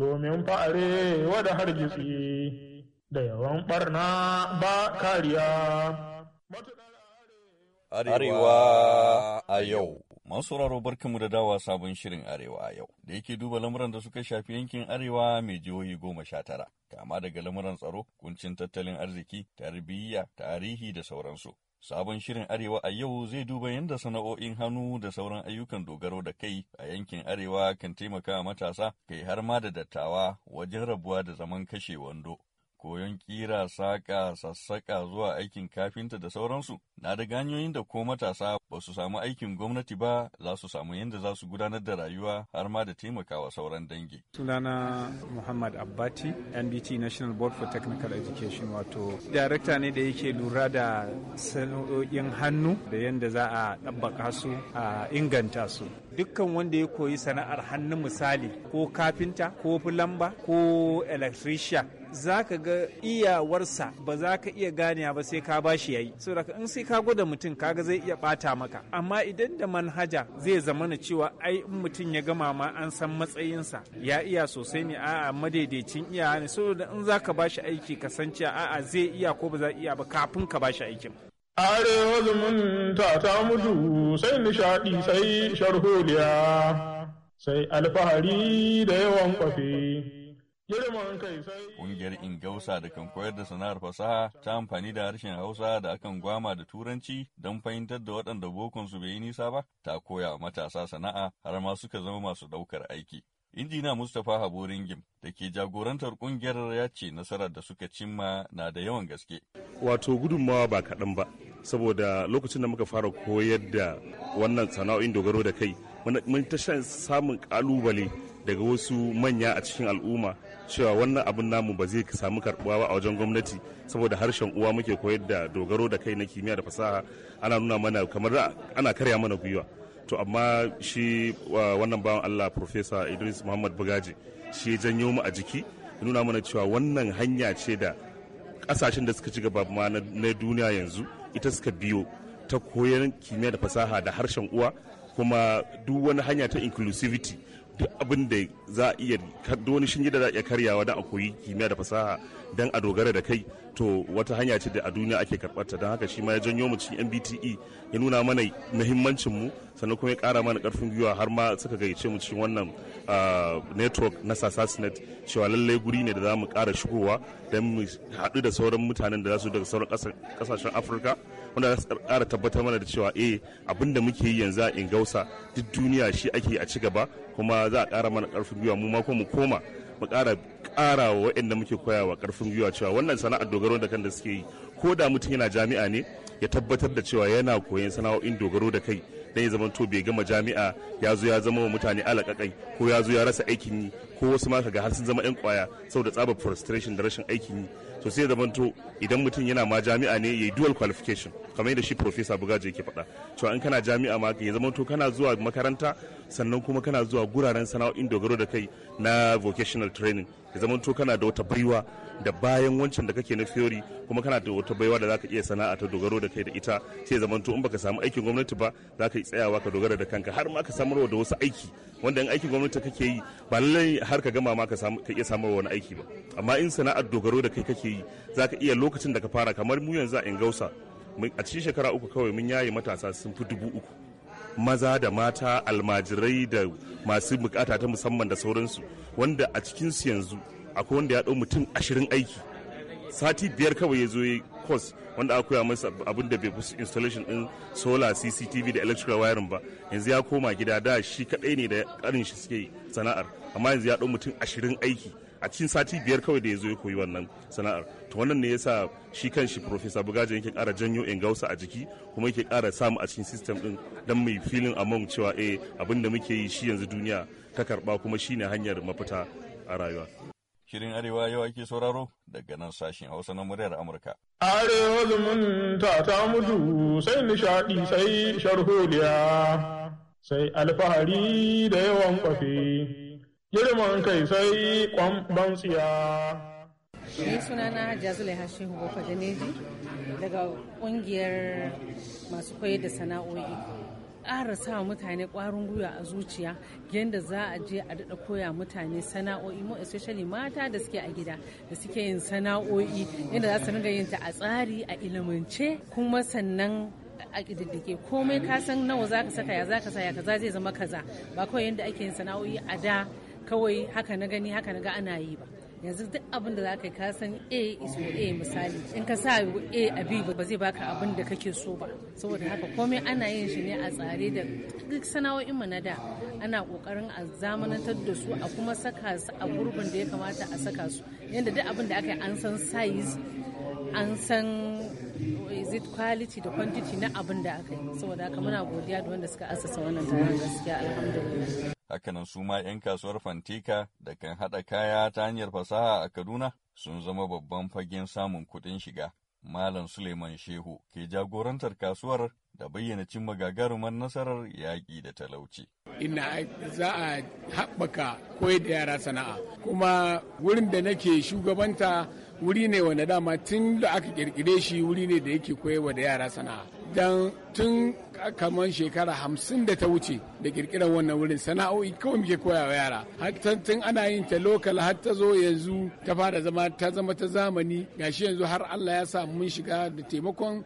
domin fa'are wadda hargitsi da yawan ɓarna ba kariya. Arewa a yau Masu sauraro mu da dawa sabon shirin Arewa a yau da yake duba lamuran da suka shafi yankin Arewa mai jihohi goma sha tara, kama daga lamuran tsaro, kuncin tattalin arziki, tarbiyya, tarihi da sauransu. Sabon shirin Arewa a yau zai duba yadda sana'o'in hannu da sauran ayyukan dogaro da kai a yankin Arewa kan taimaka matasa kai har ma da dattawa wajen rabuwa da zaman kashe wando. Koyon kira, saƙa, sassaƙa zuwa aikin kafinta da sauransu na da ganyoyin da ko matasa ba su samu aikin gwamnati ba za su samu yadda za su gudanar da rayuwa har ma da taimakawa sauran dangi. Sunana Muhammad Abbati, NBT National Board for Technical Education wato darakta ne da yake lura da sana'o'in hannu da yadda za a ɗabbaka su a inganta su. Dukkan wanda ya koyi sana'ar hannu misali ko kafinta ko fulamba ko electrician za ka ga iyawarsa ba za ka iya gane ba sai ka bashi yayi. Saboda in sai ka gwada mutum kaga zai iya ɓata maka amma idan da manhaja zai zama na cewa ai in mutum ya gama ma an san matsayinsa ya iya sosai ne a'a madaidaicin iya ne saboda in za zaka bashi aiki ka san cewa a'a zai iya ko ba za iya ba kafin ka bashi aikin are zumunta ta mutu sai nishadi sai sharholiya sai alfahari da yawan kwafi Ƙungiyar Ingausa da kan koyar da sana'ar fasaha ta amfani da harshen Hausa da akan gwama da Turanci don fahimtar da waɗanda bokonsu bai yi nisa ba, ta koya wa matasa sana'a har ma suka zama masu ɗaukar aiki. Injina Mustapha Habu Ringim da ke jagorantar ƙungiyar ya ce nasarar da suka cimma na da yawan gaske. Wato gudunmawa ba kaɗan ba, saboda lokacin da muka fara koyar da wannan sana'o'in dogaro da kai, mun ta samun ƙalubale daga wasu manya a cikin al'umma cewa wannan abin namu ba zai samu karbuwa ba a wajen gwamnati saboda harshen uwa muke koyar da dogaro da kai na kimiyya da fasaha ana nuna mana kamar ana karya mana gwiwa to amma shi wannan bawan Allah Profesa Idris Muhammad Bugaji shi ya janyo mu a jiki nuna mana cewa wannan hanya ce da kasashen da suka ci gaba ma na duniya yanzu ita suka biyo ta koyar kimiyya da fasaha da harshen uwa kuma duk wani hanya ta inclusivity duk abin da za a iya kaddo wani shinge da za a iya karyawa don a koyi kimiyya da fasaha don a dogara da kai to wata hanya ce da a duniya ake karɓarta don haka shi ma ya janyo mu cikin MBTE ya nuna mana muhimmancin mu sannan kuma ya kara mana karfin gwiwa har ma suka gayyace mu cikin wannan network na Sasasnet cewa lallai guri ne da za mu ƙara shigowa don mu haɗu da sauran mutanen da za su daga sauran ƙasashen Afirka wanda za su ƙara tabbatar mana da cewa eh abin da muke yi yanzu in gausa duk duniya shi ake a ci gaba kuma za a ƙara mana ƙarfin gwiwa mu ma ko mu koma mu ƙara ƙara wa waɗanda muke koyawa ƙarfin gwiwa cewa wannan sana'ar dogaro da kan da suke yi ko da mutum yana jami'a ne ya tabbatar da cewa yana koyan sana'o'in dogaro da kai dan ya zama to bai gama jami'a ya zo ya zama wa mutane alaƙaƙai ko ya zo ya rasa aikin yi ko wasu ma kaga har sun zama yan kwaya saboda tsabar frustration da rashin aikin yi to sai zamanto idan mutum yana ma jami'a ne ya yi dual qualification kamar yadda shi professor bugaje yake faɗa cewa in kana jami'a ma ya zamanto kana zuwa makaranta sannan kuma kana zuwa guraren sana'o'in dogaro da kai na vocational training ya zama to kana da wata baiwa da bayan wancan da kake na theory kuma kana da wata baiwa da zaka iya sana'a ta dogaro da kai da ita sai ya to in baka samu aikin gwamnati ba zaka yi tsayawa ka dogara da kanka har ma ka samarwa da wasu aiki wanda in aikin gwamnati kake yi ba lallai har ka gama ma ka samu ka iya samarwa wani aiki ba amma in sana'ar dogaro da kai kake yi zaka iya lokacin da ka fara kamar mu yanzu a Ingausa a cikin shekara uku kawai mun yaye matasa sun fi dubu uku maza da mata almajirai da masu bukata ta musamman da sauransu wanda a cikinsu yanzu akwai wanda ya ɗau mutum ashirin aiki sati biyar kawai ya zo course wanda aka koya masa abin da bai fi installation din solar cctv da electrical wiring ba yanzu ya koma gida da shi kadai ne da karin shi suke sana'ar amma yanzu ya ɗau mutum ashirin aiki a cikin sati biyar kawai da ya zo ya koyi wannan sana'ar to wannan ne yasa shi kan shi professor bugaje yake kara janyo gausa a jiki kuma yake kara samu a cikin system din dan mai filin among cewa eh abin da muke yi shi yanzu duniya ta karba kuma shine hanyar mafita a rayuwa Shirin Arewa yau ake sauraro daga nan sashen Hausa na muryar Amurka. Arewa zumunta ta mutu sai nishaɗi sai sharholiya sai alfahari da yawan kwafi. Girman kai sai kwamban tsiya. Ni sunana Jazule Hashihu Boko daga kungiyar masu koyar da sana'o'i. ƙara sa mutane ƙwarin gwiwa a zuciya yadda za a je a daɗa koya mutane sana'o'i mo especially mata da suke a gida da suke yin sana'o'i yadda za su ringa yin ta a tsari a ilimance kuma sannan a ƙididdike komai ka san nawa za ka saka ya za ka sa kaza zai zama kaza ba kawai yadda ake yin sana'o'i a da kawai haka na gani haka na ga ana yi ba yanzu duk abin da za ka ka san a iso a misali in ka sa a a b ba zai baka abin da kake so ba saboda haka komai ana yin shi ne a tsare da duk sana'o'in mu na da ana kokarin a zamanantar da su a kuma saka su a gurbin da ya kamata a saka su yanda duk abin da aka yi an san size an san is it quality da quantity na abin da aka yi saboda haka muna godiya da wanda suka asasa wannan taron gaskiya alhamdulillah hakanan su ma 'yan kasuwar Fantika da kan haɗa kaya ta hanyar fasaha a Kaduna sun zama babban fagen samun kuɗin shiga. Malam Suleiman Shehu ke jagorantar kasuwar da bayyana cin magagarumar nasarar yaƙi da talauci. Ina za a haɓaka koyar da yara sana'a kuma wurin da nake shugabanta wuri ne wanda dama tun da aka ƙirƙire shi wuri ne da yake koyarwa da yara sana'a. dan. tun kamar shekara hamsin da ta wuce da kirkirar wannan wurin sana'o'i kawai muke koya wa yara tun ana yin ta lokal har ta zo yanzu ta fara zama ta zama ta zamani gashi yanzu har Allah ya sa mun shiga da taimakon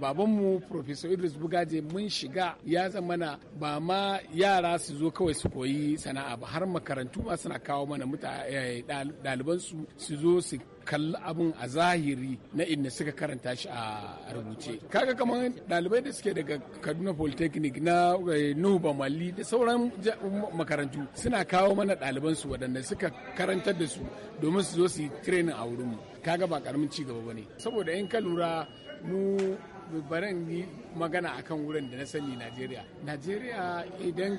babanmu Professor Idris Bugaje mun shiga ya zama na ba ma yara su zo kawai su koyi sana'a ba har makarantu ma suna kawo mana eh, ɗalibansu su zo su kalli abun a zahiri na inda suka karanta shi a rubuce kaga kamar ɗalibai da suke daga kaduna polytechnic na eh, nuhu mali da sauran makarantu suna kawo mana ɗaliban su waɗanda suka karantar da su domin su zo su yi training a wurinmu kaga ba karamin ci gaba bane saboda in ka lura mu baran yi magana akan wurin da na sani najeriya najeriya idan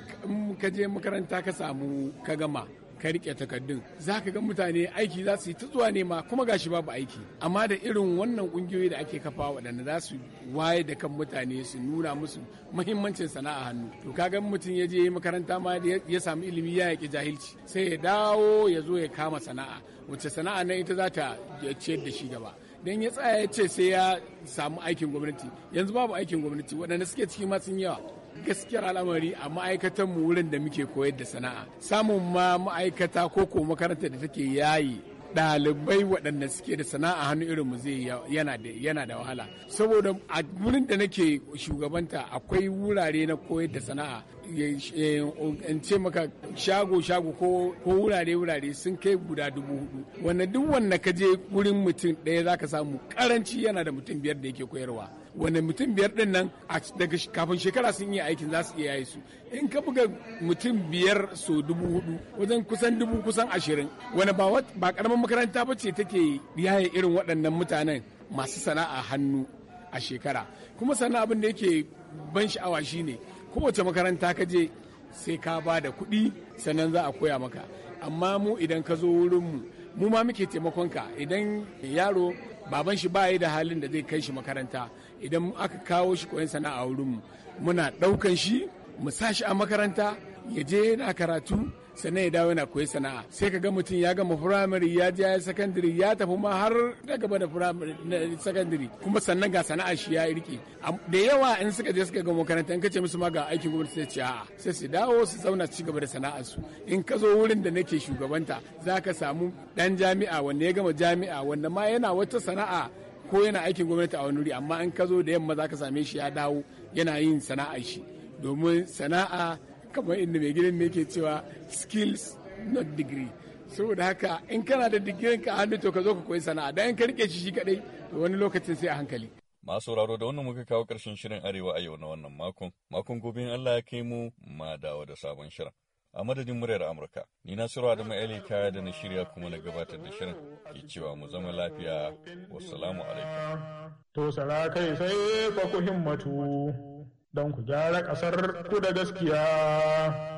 ka je makaranta ka samu ka gama ka rike takardun za ka ga mutane aiki za su yi ta zuwa nema kuma gashi babu aiki amma da irin wannan kungiyoyi da ake kafa waɗanda za su waye da kan mutane su nuna musu muhimmancin sana'a hannu to ka kaga mutum ya je makaranta ma ya samu ilimi ya yaƙi jahilci sai ya dawo ya zo ya kama sana'a wacce sana'a nan ita za ta ciyar da shi gaba don ya tsaya ya ce sai ya samu aikin gwamnati yanzu babu aikin gwamnati waɗanda suke ciki ma sun yawa gaskiyar al'amari a ma'aikatan mu wurin da muke koyar da sana'a samun ma ma'aikata ko ko makarantar da take yayi dalibai waɗanda suke da sana'a hannu irin mu zai yana da wahala saboda a wurin da nake shugabanta akwai wurare na koyar da sana'a in ce maka shago shago ko wurare wurare sun kai guda dubu hudu wanda duk wanda ka je wurin mutum ɗaya zaka samu karanci yana da mutum biyar da yake koyarwa wanda mutum biyar din nan daga kafin shekara sun yi aikin za su iya yi su in ka buga mutum biyar so dubu hudu wajen kusan dubu kusan ashirin wanda ba karamin makaranta ba ce take yaye irin waɗannan mutanen masu sana'a hannu a shekara kuma sannan abin da yake ban sha'awa shine kowace makaranta ka je sai ka ba da kuɗi sannan za a koya maka amma mu idan ka zo wurin mu ma muke taimakonka idan yaro baban shi ba yi da halin da zai kai shi makaranta idan aka kawo shi koyon sana'a wurin mu muna ɗaukan shi mu sa shi a makaranta ya je yana karatu sannan ya dawo yana koyi sana'a sai ka ga mutum ya gama firamare ya je ya sakandare ya tafi ma har da gaba da sakandare kuma sannan ga sana'a shi ya rike da yawa in suka je suka ga makaranta in kace musu ma ga aikin gwamnati sai ce a'a sai su dawo su zauna ci gaba da sana'a su in ka zo wurin da nake shugabanta zaka samu dan jami'a wanda ya gama jami'a wanda ma yana wata sana'a ko yana aikin gwamnati a wani wuri amma in ka zo da yamma za ka same shi ya dawo yana yin sana'a shi domin sana'a kamar inda mai gidan ne ke cewa skills not degree saboda haka in kana da digirin ka hannu to ka zo ka koyi sana'a da in ka rike shi shi kadai to wani lokacin sai a hankali masu sauraro da wannan muka kawo karshen shirin arewa a yau na wannan makon makon gobe in Allah ya kai mu ma dawo da sabon shirin a madadin muryar Amurka ni na sura da ma'ali kaya da na shirya kuma na gabatar da shirin ke cewa mu zama lafiya wassalamu alaikum to sara kai sai ku himmatu don ku gyara ƙasar ku da gaskiya.